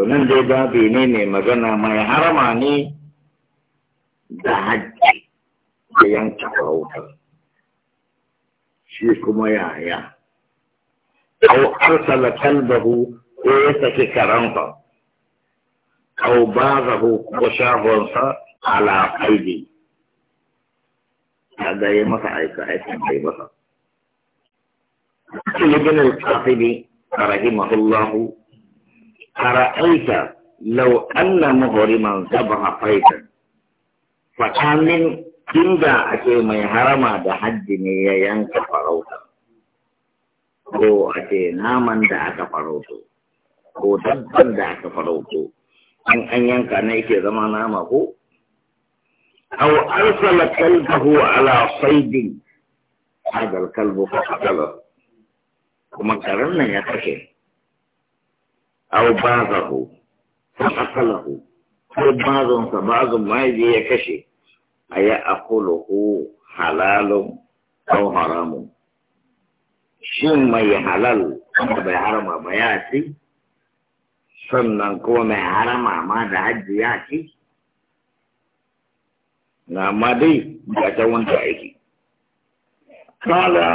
to nan dai ne mai magana mai harama ne da hajji da yanka farautar shi kuma yaya au arsala kalbahu ko ya saki karansa au bazahu ko shagonsa ala kaidi kaga ya masa aika aikin bai masa ibn al-qasidi rahimahullahu أرأيت لو أن مغرما ذبح فيتا فآمن inda ake mai harama da hajji ne ya yanka farauta ko a ce naman da aka farauto ko dabban da aka farauto in an yanka na yake zama nama ko aw arsala kalbahu ala saydin hadal kalbu fa qatala kuma karan nan ya take. au bazahu fa akalahu ko bazon sa bazon mai ya kashe aya akuluhu halalun au haramun shin mai halal kuma bai harama ba ya ci sannan kuma mai harama ma da hajji ya ci na ma dai ba ta wanda aiki kala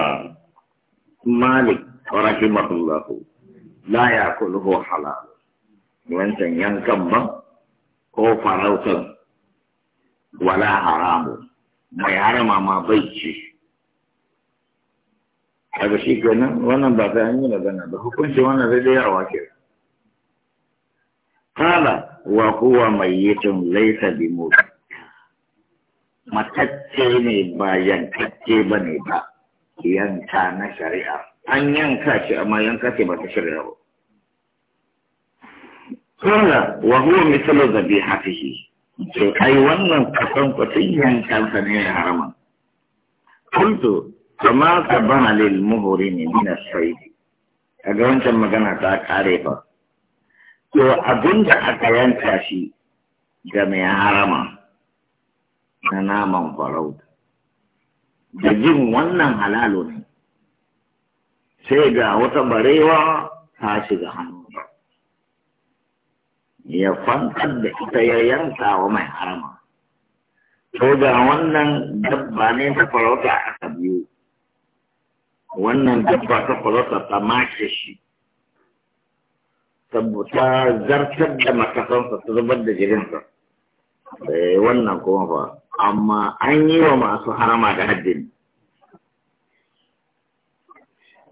malik rahimahullahu la ya kulhu halal wancan yankan ba ko farautan wala haramu mai harama ma bai ci. daga shi kenan wannan ba sai an yi magana ba hukunci wannan zai dai yawa ke kala wa huwa mayyitun laysa bi mut matacce ne ba yankacce ba ne ba yanka na shari'a an yanka shi amma yanka ce ba ta shirya ba kala wa huwa mithlu dhabihatihi to ai wannan kasan kwatin yankan sa ne harama. kuntu kama sabana lil muhrimi min as-sayd ga wancan magana ta kare ba to abinda aka yanka shi ga mai harama na naman farauta da jin wannan halalo ne sai ga wata barewa ta shiga hannu ya kwantar da ita ya yanka wa mai harama to ga wannan dabba ne ta farauta aka biyu wannan dabba ta farauta ta mace shi ta zartar da matakansa ta zubar da jirinsa eh, wannan kuma fa amma an yi wa masu harama da haddini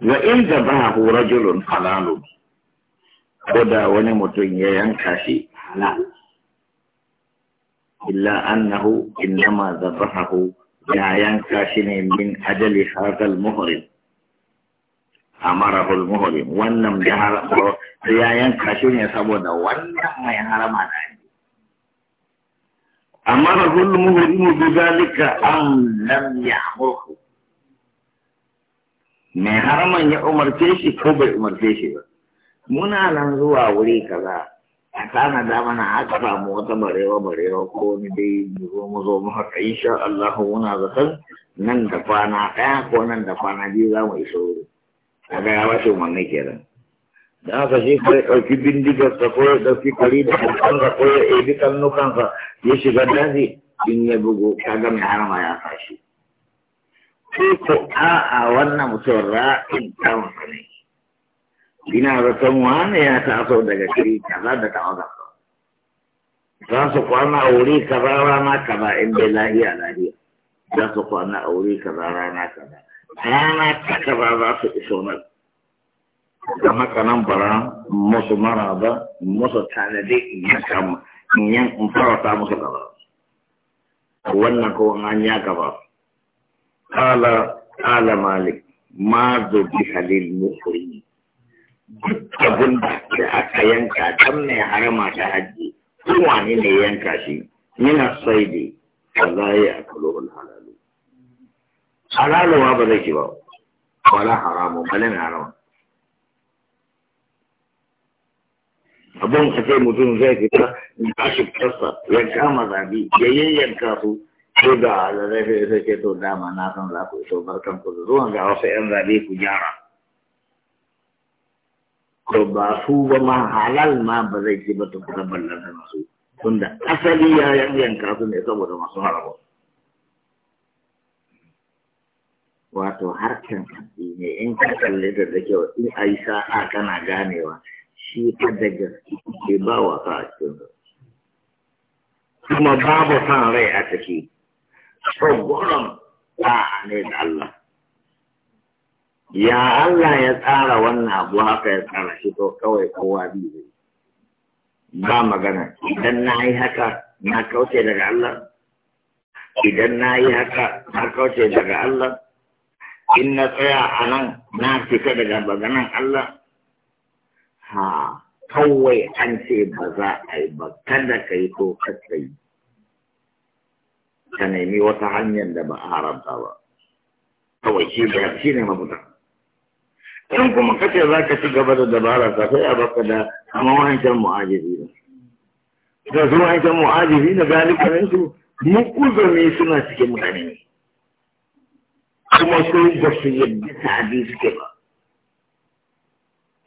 wa in zabahu rajulun halalun ko da wani mutum ya yanka shi halal illa annahu innama zabahu ya yanka shi ne min ajali hadal muhrim amarahu al-muhrim wannan da har ya yanka shi ne saboda wannan mai harama da ne amarahu al-muhrim bi zalika am lam ya'murhu mai haraman ya umarce shi ko bai umarce shi ba muna nan zuwa wuri kaza a kana da mana aka samu wata barewa barewa ko ni dai zo mu zo mu haka insha Allah muna zaton nan da kwana ɗaya ko nan da kwana biyu za mu iso wuri kaga ya bace umarni kenan da aka shi kai ɗauki bindigar ta ko ya ɗauki kwari da ko ya ɗebi kannukansa ya shiga daji in ya bugu kaga mai harama ya kashe? ko a'a wannan mutum ra'in kansa ne ina zaton wani ya taso daga kiri kaza da tawaga za su kwana a wuri kaza rana kaza in dai lahiya lahiya za su kwana a wuri kaza rana kaza rana ta kaza za su iso nan da haka nan bara musu mara ba musu tanadi in kama. in yan in ta musu gaba wannan ko an ya gaba قال قال مالك ما ذبح للمحرم duk abin da aka yanka dan mai harama ta haji kowane ne yanka shi yana sai dai Allah ya akalo halalu halalu ba zai ci ba wala haramu balin harama abin a ce mutum zai fita da shi fasa ya kama zabi ya yayyanka su sai ga alarafe ya sake to dama na san za ku iso barkan ku zuwa ga wasu yan zabe ku gyara to ba su ba ma halal ma ba zai ci ba tukuna ballar da masu tunda asali ya yanka su ne saboda masu harawa wato kanti ne in ka kalli da da kyau in a sa'a kana ganewa shi ta da gaske ke ba wasa a cikin kuma babu san rai a ciki tsogonon a ne da Allah. Ya Allah ya tsara wannan abu haka ya tsara shi to kawai kowa biyu Ba magana, idan na yi haka na kauce daga Allah, idan na yi haka na kauce daga Allah, in na tsaya a nan na fita daga maganan Allah. Ha, kawai an ce ba za a yi ba, kada ka yi to kai. ka nemi wata hanyar da ba a haramta ba kawai shi da shi ne mafuta in kuma kace za ka ci gaba da dabara ta sai a baka da kama wancan mu'ajizi ne da su wancan mu'ajizi na galibin su mukuzumi suna cikin mutane ne kuma su ba su yadda ta sa'adi suke ba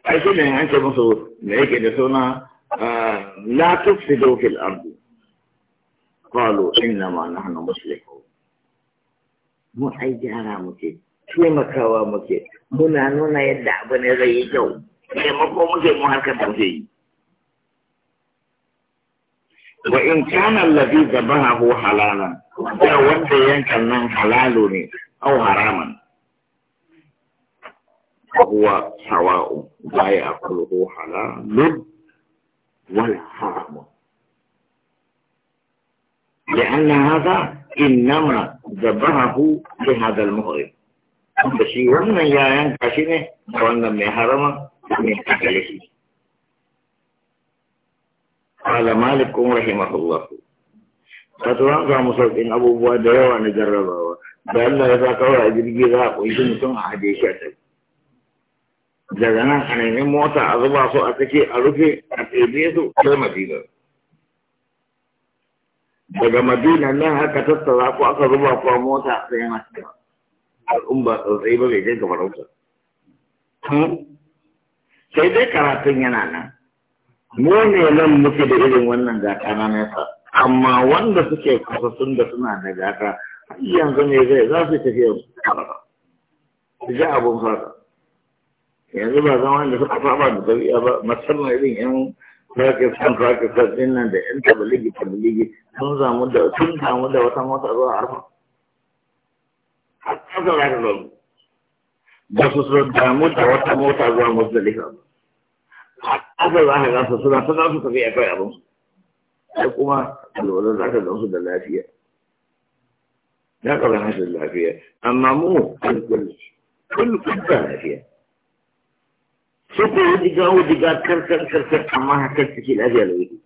ai shi ne an ce musu me yake da suna ah, la tufsidu fil ardi قالوا إنما نحن مسلمون mu ai gyara muke taimakawa muke muna nuna yadda abu ne zai yi kyau taimako muke mu harkar da muke yi wa in kana allazi zabahu halalan da wanda yankan nan halalu ne au haraman huwa sawa'u la ya'kuluhu halalun wala haramun لأن هذا إنما ذبحه لهذا المغرب بشي وانا يا يان كاشينه وانا محرمة من قال مالك رحمه الله فتوان قام مصاب إن أبو بوا يوا نجربه da Allah ya sa kawai a jirgi za a kunshi mutum a haje shi a tafi. Daga daga madina nan haka tattara ko aka zuba ko mota sai yana cewa al'umma tsotsai ba bai kai ga farauta hmm? sai dai karatun yana nan mu ne nan muke da irin wannan gata na nesa amma wanda suke kasa sun da suna da gata yanzu ne zai za su tafi yau su ji abun fata yanzu ba zama da suka saba da tafiya ba musamman irin yan Pakistan Pakistan din nan da yan tabaligi tabaligi sun zamu da sun samu da wata mota zuwa arfa. Haka za ka zamu. Ba su so damu da wata mota zuwa Muzdalifa ba. Haka za ka gansu suna suna su tafi ya kai abin. Sai kuma alwalar za ka gansu da lafiya. Ya ka gansu da lafiya. Amma mu kulkul kulkul da lafiya. شفت ودي قال ودي قال كر كر كر كر اما هكذا تجي الاذيه لو يجي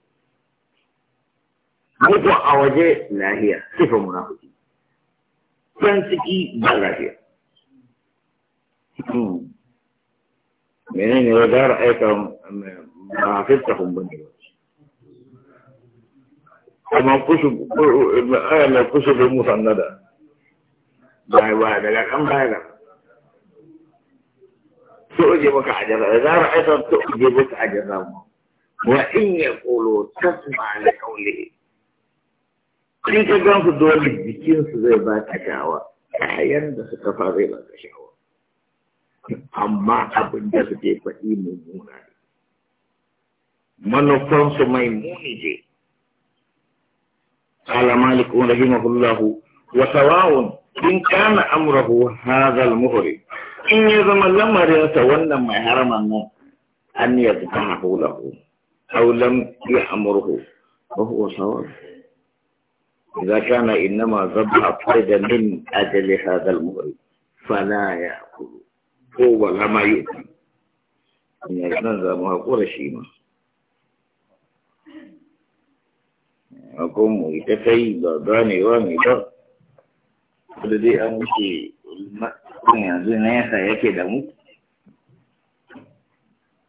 موضوع اواجه لا هي صفه منافقه تنسكي بلا هي من اين يرجع رايتهم منافقتهم بني وما كسب ما كسب المسنده باي باي باي باي باي تعجبك عجبا إذا رأيتهم تعجبك عجبا وإن يقولوا تسمع لقوله in ka gan su dole jikinsu zai ba ta sha'awa kayan da suka fa zai ba ta sha'awa amma abin da suke faɗi mai muni ce قال مالك رحمه الله وسواء إن كان أمره هذا المهرب in ya zama lamarinsa wannan mai haraman nan an ya fita hahulahu aw lam ya'murhu wa إذا كان إنما ذبح فرد من أجل هذا المغرب فلا يأكل هو لما يؤكل إن يتنزى ما قول شيما أقوم يتكي باني واني با ولدي أمشي yanzu é que da um.